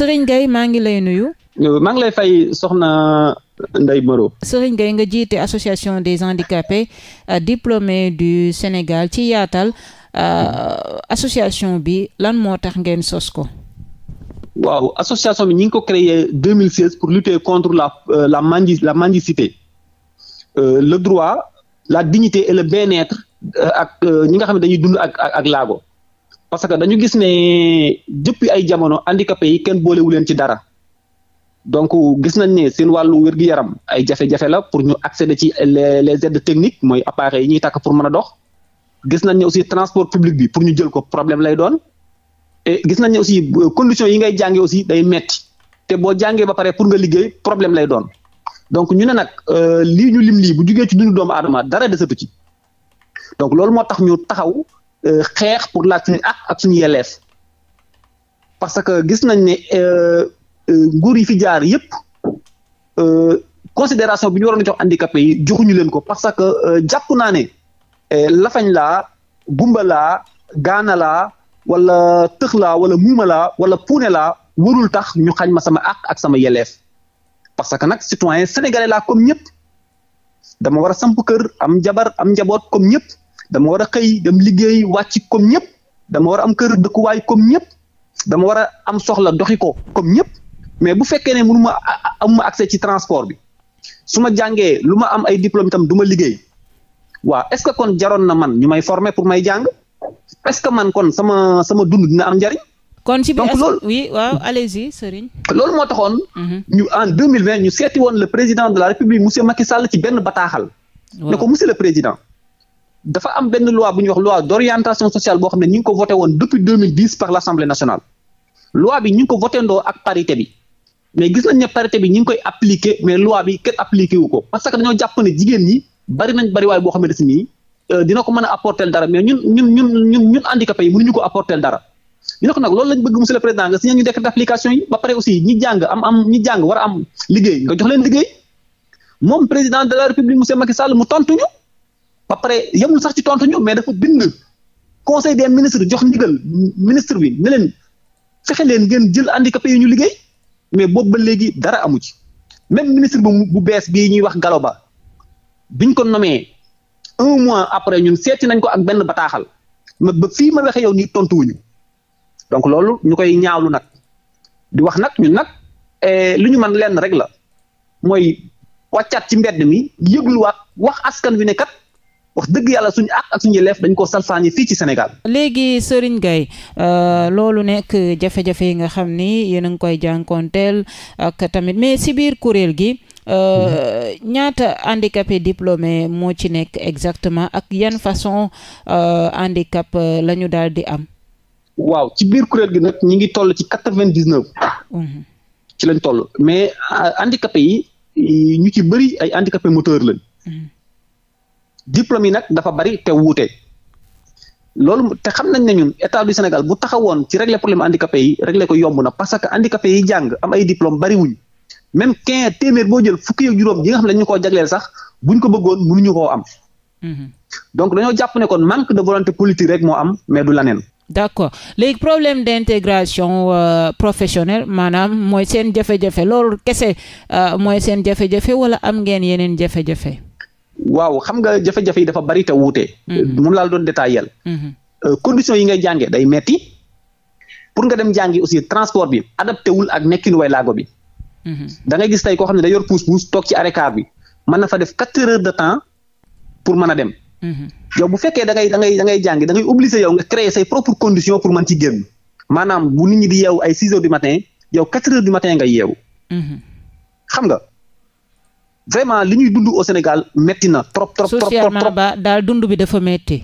Serigne Gueye maa ngi lay nuyu. maa ngi lay fay soxna Ndeye Moreau. Serigne Gueye nga jiite association des handicapés euh, diplômés du Sénégal ci yaatal euh, association bi lan moo tax ngeen sos ko. waaw association bi ñu ngi ko créé 2016 pour lutter contre la euh, la mandi la mendicité le droit la dignité et le bien-être ak ñi nga xam ne dañuy dund ak ak laago. parce que dañu gis ne depuis ay jamono handicapé yi kenn boolewu leen ci dara donc gis nañ ne seen wàllu wér yaram ay jafe-jafe la pour ñu accéder ci les les aides techniques mooy appareils yi ñuy takk pour mën a dox gis nañ ne aussi transport public bi pour ñu jël ko problème lay doon et gis nañ ne aussi conditions yi ngay jàngee aussi day metti te boo jàngee ba pare pour nga liggéey problème lay doon donc ñu ne nag euh, lii ñu lim lii bu jugee ci dundu doomu aadama dara desatu ci moo tax ñu taxaw. Euh, xeex pour laaj ak suñu yelleef parce que gis nañ ne euh, euh, nguur yi fi jaar yëpp considération bi ñu waroon a jox handicapé yi joxuñu leen ko parce que jàpp naa ne lafañ la gumba laa gaana laa wala tëx laa wala muuma la wala puune laa warul tax ñu xañ ma sama àq ak sama yelleef parce que nag citoyen sénégalais laa comme ñëpp dama war a samp kër am jabar am njaboot comme ñëpp dama war a xëy dem liggéey wàcc comme ñëpp dama war am kër dëkkuwaay comme ñëpp dama war a am soxla doxi ko comme ñëpp mais bu fekkee ne mënu ma amuma accès ci transport bi su ma jàngee lu ma am ay diplôme itam du liggéey waaw est-ce que kon jaroon na man ñu may former pour may jàng est-ce que man kon sama sama dund dina am kon ci biir donc loolu oui waaw allez moo taxoon. Mhm. ñu en deux mille vingt ñu seeti woon le président de la république monsieur Macky Sall ci benn bataaxal. ne ko monsieur le président. dafa am benn loi bu ñuy wax loi d'orientation sociale boo xam ne ñu ngi ko voté woon depuis 2010 par l'Assemblée nationale loi bi ñu ngi ko voté ndoo ak parité bi mais gis nañ ne parité bi ñu ngi koy appliqué mais loi bi kenn appliqué wu ko parce que dañoo jàpp ne jigéen ñi bari nañ bariwaay boo xam ne nii euh, dina ko mën a apporter dara mais ñun ñun ñun ñun ñun handicapés ko ñu ne ko nag loolu lañ bëgg monsieur le président nga signé ñu décret d'application yi ba pare aussi ñi jàng am am ñi jàng war a am liggéey nga jox leen liggéey moom président de la république monsieur Macky Sall mu tontu ñu ba pare yemul sax ci tontu ñu mais dafa bind conseil des ministres jox ndigal ministre bi ne leen fexe leen ngeen jël handicapé yi ñu liggéey mais boobu ba léegi dara amu ci même ministre bu bu bees bii ñuy wax Gallo Ba biñ ko nommé un mois après ñun seeti nañ ko ak benn bataaxal ma ba fii ma waxee yow nii tontuwuñu donc loolu ñu koy ñaawlu nag di wax nag ñun nag eh, lu ñu mën lenn rek la mooy wàccaat ci mbedd mi yëgluwaat wax askan wi ne kat wax dëgg yàlla suñu àq ak suñu yelleef dañ ko salfaañi fii ci Sénégal. léegi Serigne Gueye euh, loolu nekk jafe-jafe yi nga xam ni yéen a ngi koy jànkoonteel ak tamit mais si biir kuréel gi. Euh, mhm. ñaata handicapé diplômé moo ci nekk exactement ak yan façon euh, handicap la ñu daal di am. waaw ci biir kuréel gi nag ñi ngi toll ci quatre-vingt-dix-neuf. Mhm. ci lañ toll mais handicapé yi ñu ci bëri ay handicapé moteur lañ. Mhm. diplôme yi nag dafa bari te wuute loolu te xam nañ ne ñun état du Sénégal bu taxawoon ci régler problème handicapé yi régler ko yomb na parce que handicapé yi jàng am ay diplôme bari wuñ même quinze téeméer boo jël fukki ak juróom yi nga xam ne ñu koo jagleel sax buñ ko bëggoon mënuñu koo am. Mhm. donc dañoo jàpp ne kon manque de volonté politique rek moo am mais du leneen. d'accord léegi problème d'intégration euh, professionnelle maanaam mooy seen jafe loolu kese euh, mooy seen jafe wala am ngeen yeneen jafe-jafe. waaw xam nga jafe-jafe yi dafa bari te wuute. moom laa doon détaillé. Mhm. Euh, condition yi ngay jàngee day metti pour nga dem jàngi aussi transport bi adapté wul ak nekkinu way laago bi. Mhm. da ngay gis tey koo xam ne da yor pousse pousse toog ci arrêt bi mën na fa def quatre heures de temps pour mën a dem. Mhm. yow bu fekkee da ngay da ngay da ngay jàngi da ngay obligé yow nga créer say propre condition pour man ci génn maanaam bu nit ñi di yeewu ay six heures du matin yow quatre nga yeewu. nga vraiment li ñuy dund au Sénégal metti na trop trop trop trop ba daal dund bi dafa metti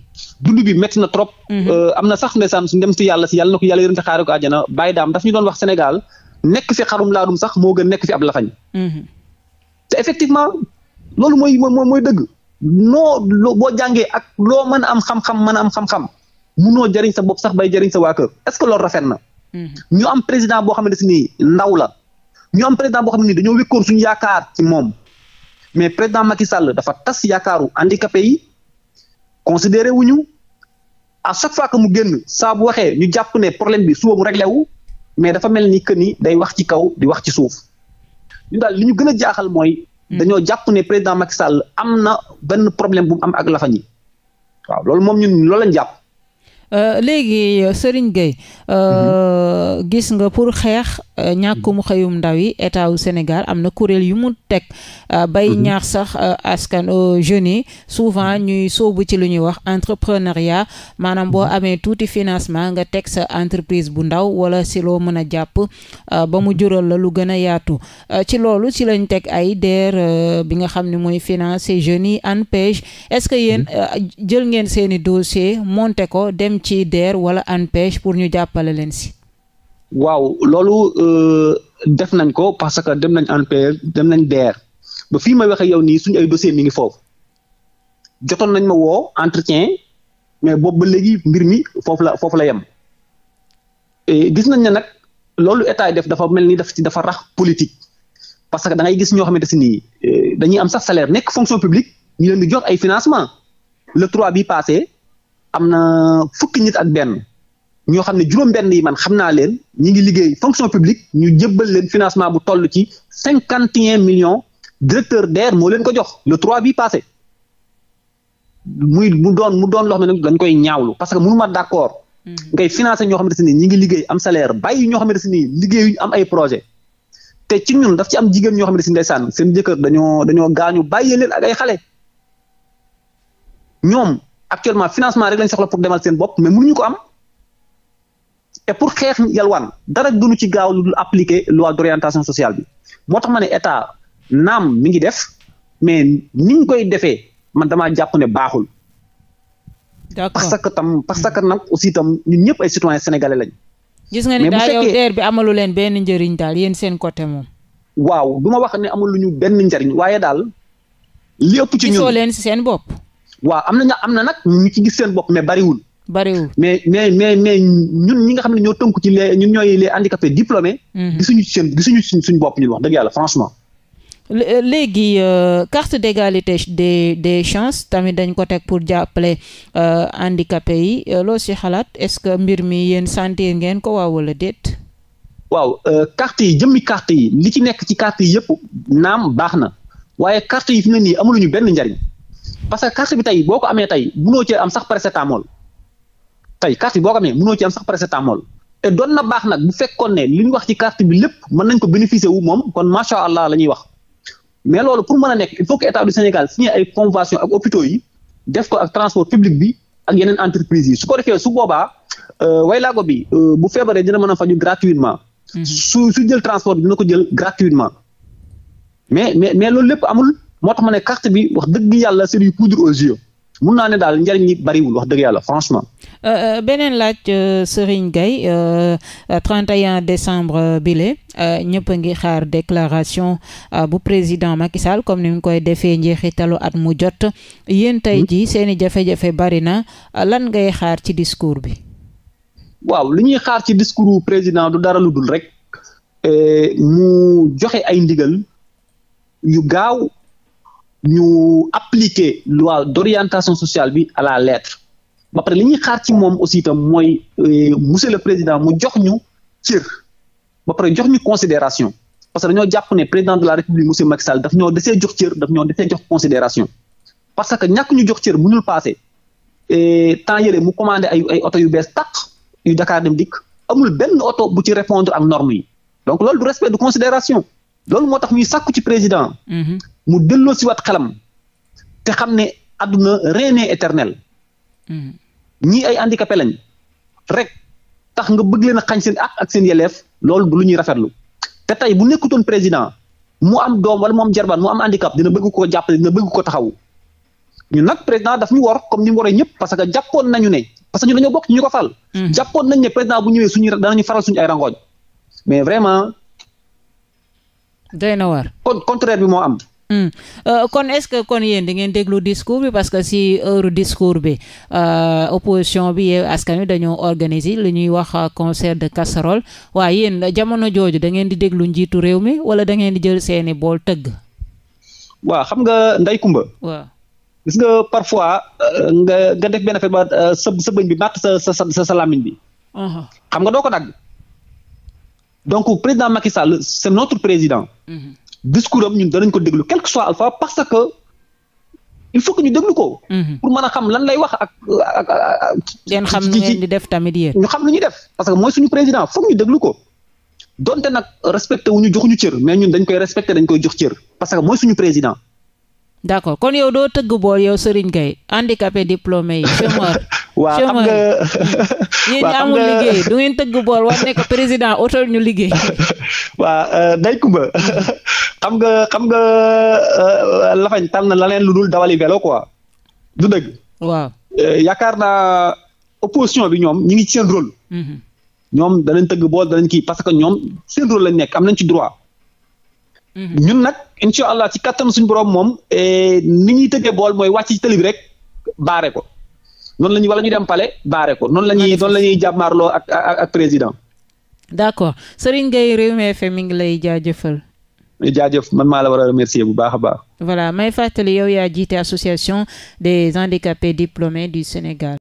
dund bi metti na trop mhm. euh, am na sax ndeysaan su dem si yàlla si yàlla na ko yàlla yërëm te xaare ko àjjana bàyyi daam daf ñu doon wax Sénégal nekk fi xarum laadum sax moo gën nekk fi ab lafañ mhm. te effectivement loolu mooy mooy mooy dëgg noo boo jàngee ak loo mën a am xam-xam mën a am xam-xam munoo jëriñ sa bopp sax bay jëriñ sa waa kër est-ce que loolu rafet na mhm. ñu am président boo xamante ne nii ndaw la ñu am président boo xam ne nii dañoo wékkoon suñu yaakaar ci moom mais président Macky Sall dafa tas yaakaaru handicapé yi considéré a à chaque fois que mu génn saa bu waxee ñu jàpp ne problème bi suba mu réglé mais dafa mel ni que ni day wax ci kaw di wax ci suuf ñu daal li ñu gën a jaaxal mooy. Hmm. dañoo jàpp ne président Macky Sall am na benn problème bu am ak lafañ yi waaw loolu moom ñun loola lañ euh, léegi Serigne Gueye. Euh, mm-hmm. gis nga pour xeex Euh, ñàkkum xëyum ndaw yi état wu Sénégal am na kuréel yu mu teg euh, bay mmh. ñaax sax euh, askan jeunes yi souvent mmh. ñuy sóobu ci lu ñuy wax entrepreneuriat maanaam boo mmh. amee tuuti financement nga teg sa entreprise bu ndaw wala si loo mën a jàpp ba mu jural la lu gën a yaatu ci loolu ci lañ teg ay DER bi nga xam ne mooy financer jeunes yi ANPEJ est-ce que yéen jël ngeen seeni dossier monter ko dem ci DER wala ANPEJ pour ñu jàppale leen si waaw loolu euh, def nañ ko parce que dem nañ ANPE dem nañ DER ba fii may waxee yow nii suñu ay dossier mi ngi foofu jotoon nañ ma woo entretien mais boobu ba léegi mbir mi foofu la foofu la yem gis nañ ne nag loolu état yi def dafa mel ni daf ci dafa rax politique parce que da gis ñoo xamante si nii euh, dañuy am sax salaire nekk fonction publique ñu leen di jot ay financement le trois bi passé am na fukki nit ak benn ñoo xam ne juróom mbenn yi man xam naa leen ñi ngi liggéey fonction publique ñu jébbal leen financement bu toll ci cinquante et un millions directeur DER moo leen ko jox le trois bi passé muy mu doon mu doon loo ne dañ koy ñaawlu parce que mënuma d'accord mm-hmm. ngay financé ñoo xam xamante ne ñi ngi liggéey am salaire bàyyi ñoo xamante ne liggéeyuñu am ay projet te ci ñun daf ci am jigéen ñoo xamante ne saan seen jëkkër dañoo dañoo gaañu bàyyi leen ak ay xale ñoom actuellement financement rek lañ soxla pour demal seen bopp mais ko am te pour xeex yalwaan dara gënu ci gaaw lu dul appliquer loi d'orientation sociale bi moo tax ma ne état naam mi ngi def mais ni koy defee man dama jàpp ne baaxul. parce que tam parce que nag aussi tam ñun ñëpp ay citoyens sénégalais lañ. gis nga ni daal yow DER bi amalu leen benn njëriñ daal yéen seen côté moom. waaw du ma wax ne amalu ñu benn njariñ waaye daal. li ëpp ci ñun leen seen bopp. waaw am na am na nag ñu ci gis seen bopp mais bariwul. bariwul mais mais mais mais ñun ñi nga xam ne ñoo tënku ci les ñun ñooy les handicapés diplômés. Mhm. gisuñu ci seen gisuñu ci suñu bopp ñun wax dëgg yàlla franchement. Euh, léegi euh, carte d'égalité des des chances tamit dañ ko teg pour jàppale euh, handicapés yi loo si xalaat est-ce que mbir mi yéen sentir ngeen ko waaw wala déet. waaw carte yi jëmmi carte yi li ci nekk ci carte yi yëpp naam baax na waaye carte yi fi mu ne nii amuluñu benn njariñ parce que carte bi tey boo ko amee tey mënoo cee am sax paracétamol tey carte boo ko amee mënoo ci am sax paracétamol te doon na baax nag bu fekkoon ne li ñu wax ci carte bi lépp mën nañ ko bénéficier wu moom kon macha allah la ñuy wax mais loolu pour mën a nekk il faut que état du Sénégal signé ay convention ak hôpitaux yi def ko ak transport public bi ak yeneen entreprise yi su ko defee su boobaa euh, waylaago bi euh, bu feebaree dina mën a faju gratuitement. Mhm. su su jël transport bi dina ko jël gratuitement. mais mais mais loolu lépp amul moo tax ma ne carte bi wax dëgg yàlla c'est du poudre aux mun naa ne daal njariñ yi bariwul wax dëgg yàlla franchement. Euh, euh, beneen laaj euh, Serigne Gueye 31 décembre bile ñëpp a ngi xaar déclaration bu président Macky Sall comme ni mu koy defee njeexitalu at mu jot. yéen tey hmm? jii seen i jafe-jafe bari na lan ngay xaar ci discours bi. waaw li ñuy xaar ci discours président du dara lu dul rek mu joxe ay ndigal yu gaaw ñu appliquer loi d'orientation sociale bi à la lettre ba pare li ñuy xaar ci moom aussi itam mooy euh, monsieur le président mu jox ñu cër ba pare jox ñu considération parce que dañoo jàpp ne président la république monsieur Macky Sall daf ñoo desee jox cër daf ñoo desee jox considération parce que ñàkk ñu jox cër mënul passé temps yële mu commandé ay ay oto yu bees tàq yu Dakar dem dikk amul benn oto bu ci répondre ak normes yi donc loolu du respect de considération loolu moo tax ñuy sàkku ci président. Mhm. mu delloo si waat xelam. te xam ne adduna rien n'est éternel. Mhm. ay handicapé lañ rek tax nga bëgg leen a xañ seen àq ak seen yelleef loolu du lu ñuy rafetlu te tey bu nekkutoon président mu am doom wala mu am jarbaan mu am handicap dina bëgg ko jàppale dina bëgg ko taxaw ñu nag président daf ñu war comme ni mu waree ñëpp parce que jàppoon nañu ne parce que ñu dañoo bokk ñu ko faral. Mhm. jàppoon nañ ne président bu ñëwee suñu danañu faral suñu ay rangooj mais doy na war kon contraire bi moo am. Hmm. Euh, kon est-ce que kon yéen di ngeen déglu discours bi parce que si heure discours bi euh, opposition bi yeewu askan wi dañoo organiser lu ñuy wax euh, concert de casserole waaye yéen jamono jooju da ngeen di déglu njiitu réew mi wala dangeen di jël seeni bool tëgg. waaw xam nga Ndeye Comba. waaw gis nga parfois euh, nga nga def benn affaire ba sa sa bëñ bi màtt sa bi. Uh-huh. xam nga doo ko dagg. donc président Macky Sall c'est notre président. Mhm. discours am ñun danañ ko déglu quel que soit alpha parce que il faut que ñu déglu ko. Mhm. pour mën a xam lan lay wax ak ak ak. ngeen xam nu ngeen di def tamit yéen. ñu xam lu ñuy def parce que mooy suñu président foog ñu déglu ko donte nag respecté wu ñu joxuñu cër mais ñun dañ koy respecté dañ koy jox cër parce que mooy suñu président. d'accord kon yow doo tëgg bool yow Serigne Gueye handicapé diplômé yi chômeur waaw xam nga yéen ñi amul liggéey du ngeen tëgg bool war ne ko président otal ñu liggéey waaw euh, day kumba xam nga xam nga euh, lafañ na la leen lu dul dawali vélo quoi du dëgg waaw euh, yaakaar naa opposition bi ñoom ñi ngi ci seen rôle mhm. ñoom danañ tëgg bool danañ kii parce que ñoom seen rôle lañ nekk am nañ ci droit mhm. ñun nag incha allah ci kattan suñu borom moom ni ñuy tëggee bool mooy wàcc ci tëli rek baare ko noonu la ñuy wala ñu dem palais baare ko noonu la ñuy noonu la ñuy jàmmaarloo ak ak président. d' accord Serigne Gueye Rewmi FM mi ngi lay jaajëfal. jaajëf man maa la war a remercier bu baax a baax. voilà may fàttali yow yaa jiite association des handicapés diplômés du Sénégal.